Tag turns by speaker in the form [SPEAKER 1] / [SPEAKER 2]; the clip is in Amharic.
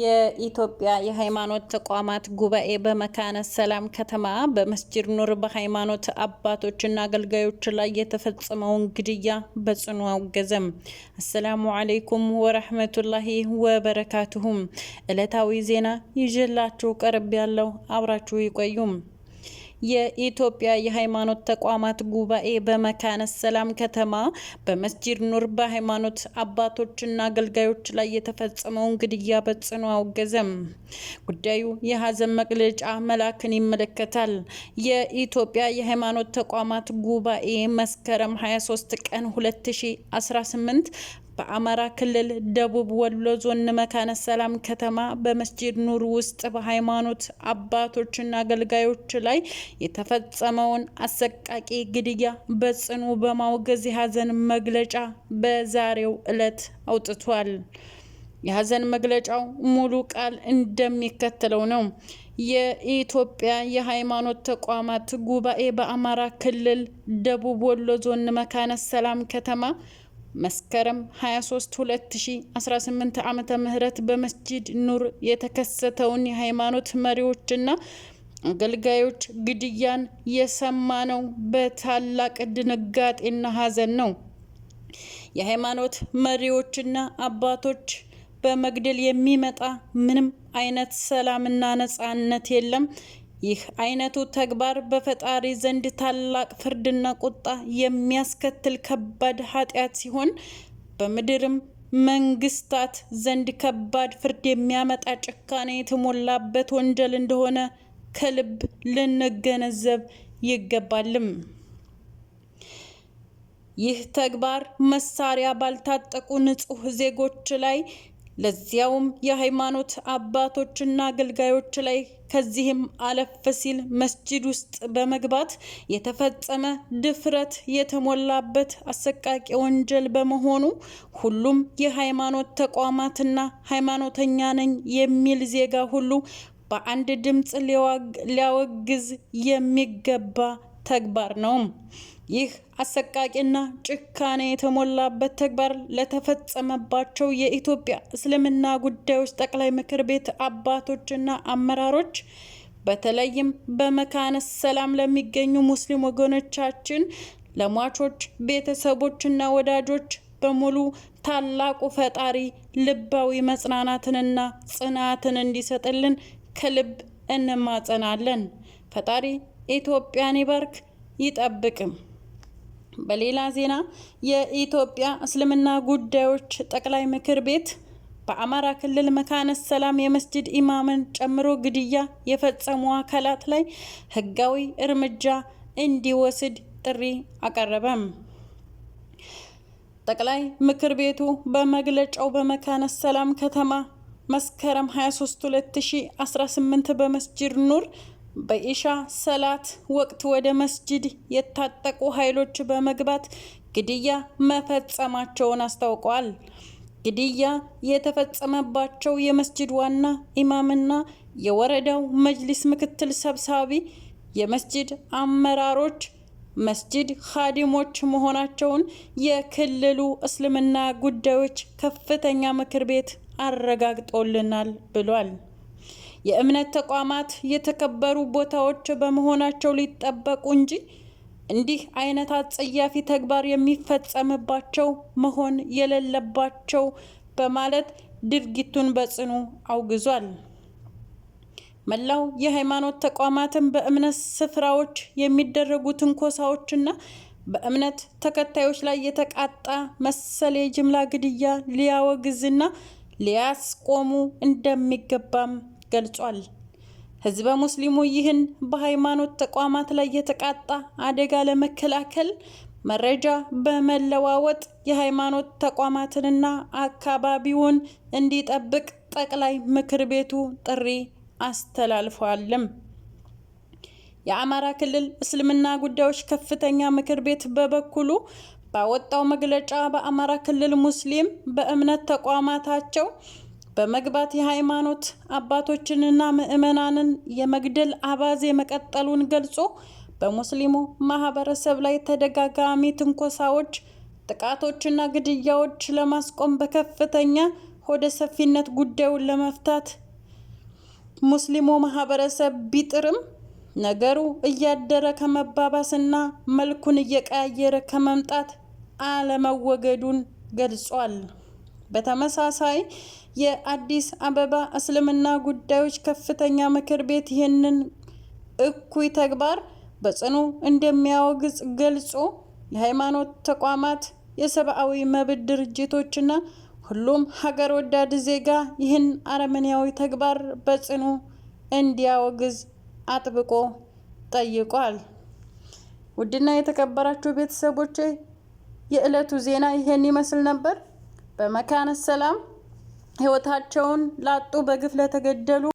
[SPEAKER 1] የኢትዮጵያ የሃይማኖት ተቋማት ጉባኤ በመካነ ሰላም ከተማ በመስጅድ ኑር በሃይማኖት አባቶችና አገልጋዮች ላይ የተፈጸመውን ግድያ በጽኑ አውገዘም። አሰላሙ አለይኩም ወረህመቱላሂ ወበረካቱሁም። ዕለታዊ ዜና ይዤላችሁ ቀርብ ያለው አብራችሁ ይቆዩም። የኢትዮጵያ የሃይማኖት ተቋማት ጉባኤ በመካነ ሰላም ከተማ በመስጂድ ኑር በሃይማኖት አባቶችና አገልጋዮች ላይ የተፈጸመውን ግድያ በጽኑ አውገዘም። ጉዳዩ የሀዘን መግለጫ መላክን ይመለከታል። የኢትዮጵያ የሃይማኖት ተቋማት ጉባኤ መስከረም 23 ቀን 2018 በአማራ ክልል ደቡብ ወሎ ዞን መካነ ሰላም ከተማ በመስጂድ ኑር ውስጥ በሃይማኖት አባቶችና አገልጋዮች ላይ የተፈጸመውን አሰቃቂ ግድያ በጽኑ በማውገዝ የሀዘን መግለጫ በዛሬው ዕለት አውጥቷል። የሀዘን መግለጫው ሙሉ ቃል እንደሚከተለው ነው። የኢትዮጵያ የሃይማኖት ተቋማት ጉባኤ በአማራ ክልል ደቡብ ወሎ ዞን መካነ ሰላም ከተማ መስከረም 23 2018 ዓመተ ምህረት በመስጂድ ኑር የተከሰተውን የሃይማኖት መሪዎችና አገልጋዮች ግድያን የሰማነው በታላቅ ድንጋጤና ሀዘን ነው። የሃይማኖት መሪዎችና አባቶች በመግደል የሚመጣ ምንም አይነት ሰላምና ነጻነት የለም። ይህ አይነቱ ተግባር በፈጣሪ ዘንድ ታላቅ ፍርድና ቁጣ የሚያስከትል ከባድ ኃጢአት ሲሆን በምድርም መንግስታት ዘንድ ከባድ ፍርድ የሚያመጣ ጭካኔ የተሞላበት ወንጀል እንደሆነ ከልብ ልንገነዘብ ይገባልም። ይህ ተግባር መሳሪያ ባልታጠቁ ንጹህ ዜጎች ላይ ለዚያውም የሃይማኖት አባቶችና አገልጋዮች ላይ ከዚህም አለፍ ሲል መስጂድ ውስጥ በመግባት የተፈጸመ ድፍረት የተሞላበት አሰቃቂ ወንጀል በመሆኑ ሁሉም የሃይማኖት ተቋማትና ሃይማኖተኛ ነኝ የሚል ዜጋ ሁሉ በአንድ ድምፅ ሊያወግዝ የሚገባ ተግባር ነው። ይህ አሰቃቂና ጭካኔ የተሞላበት ተግባር ለተፈጸመባቸው የኢትዮጵያ እስልምና ጉዳዮች ጠቅላይ ምክር ቤት አባቶችና አመራሮች በተለይም በመካነ ሰላም ለሚገኙ ሙስሊም ወገኖቻችን፣ ለሟቾች ቤተሰቦችና ወዳጆች በሙሉ ታላቁ ፈጣሪ ልባዊ መጽናናትንና ጽናትን እንዲሰጥልን ከልብ እንማጸናለን። ፈጣሪ ኢትዮጵያን ይባርክ ይጠብቅም። በሌላ ዜና የኢትዮጵያ እስልምና ጉዳዮች ጠቅላይ ምክር ቤት በአማራ ክልል መካነ ሰላም የመስጅድ ኢማምን ጨምሮ ግድያ የፈጸሙ አካላት ላይ ሕጋዊ እርምጃ እንዲወስድ ጥሪ አቀረበም። ጠቅላይ ምክር ቤቱ በመግለጫው በመካነ ሰላም ከተማ መስከረም 23 2018 በመስጅድ ኑር በኢሻ ሰላት ወቅት ወደ መስጂድ የታጠቁ ኃይሎች በመግባት ግድያ መፈጸማቸውን አስታውቀዋል። ግድያ የተፈጸመባቸው የመስጂድ ዋና ኢማምና የወረዳው መጅሊስ ምክትል ሰብሳቢ የመስጂድ አመራሮች መስጂድ ኻዲሞች መሆናቸውን የክልሉ እስልምና ጉዳዮች ከፍተኛ ምክር ቤት አረጋግጦልናል ብሏል። የእምነት ተቋማት የተከበሩ ቦታዎች በመሆናቸው ሊጠበቁ እንጂ እንዲህ አይነት አጸያፊ ተግባር የሚፈጸምባቸው መሆን የሌለባቸው በማለት ድርጊቱን በጽኑ አውግዟል። መላው የሃይማኖት ተቋማትን በእምነት ስፍራዎች የሚደረጉ ትንኮሳዎችና በእምነት ተከታዮች ላይ የተቃጣ መሰል የጅምላ ግድያ ሊያወግዝና ሊያስቆሙ እንደሚገባም ገልጿል። ህዝበ ሙስሊሙ ይህን በሃይማኖት ተቋማት ላይ የተቃጣ አደጋ ለመከላከል መረጃ በመለዋወጥ የሃይማኖት ተቋማትንና አካባቢውን እንዲጠብቅ ጠቅላይ ምክር ቤቱ ጥሪ አስተላልፏልም። የአማራ ክልል እስልምና ጉዳዮች ከፍተኛ ምክር ቤት በበኩሉ ባወጣው መግለጫ በአማራ ክልል ሙስሊም በእምነት ተቋማታቸው በመግባት የሃይማኖት አባቶችንና ምዕመናንን የመግደል አባዜ መቀጠሉን ገልጾ በሙስሊሙ ማህበረሰብ ላይ ተደጋጋሚ ትንኮሳዎች፣ ጥቃቶችና ግድያዎች ለማስቆም በከፍተኛ ሆደ ሰፊነት ጉዳዩን ለመፍታት ሙስሊሙ ማህበረሰብ ቢጥርም ነገሩ እያደረ ከመባባስና መልኩን እየቀያየረ ከመምጣት አለመወገዱን ገልጿል። በተመሳሳይ የአዲስ አበባ እስልምና ጉዳዮች ከፍተኛ ምክር ቤት ይህንን እኩይ ተግባር በጽኑ እንደሚያወግዝ ገልጾ የሃይማኖት ተቋማት፣ የሰብአዊ መብት ድርጅቶችና ሁሉም ሀገር ወዳድ ዜጋ ይህን አረመኔያዊ ተግባር በጽኑ እንዲያወግዝ አጥብቆ ጠይቋል። ውድና የተከበራችሁ ቤተሰቦቼ የዕለቱ ዜና ይህን ይመስል ነበር። በመካነ ሰላም ህይወታቸውን ላጡ በግፍ ለተገደሉ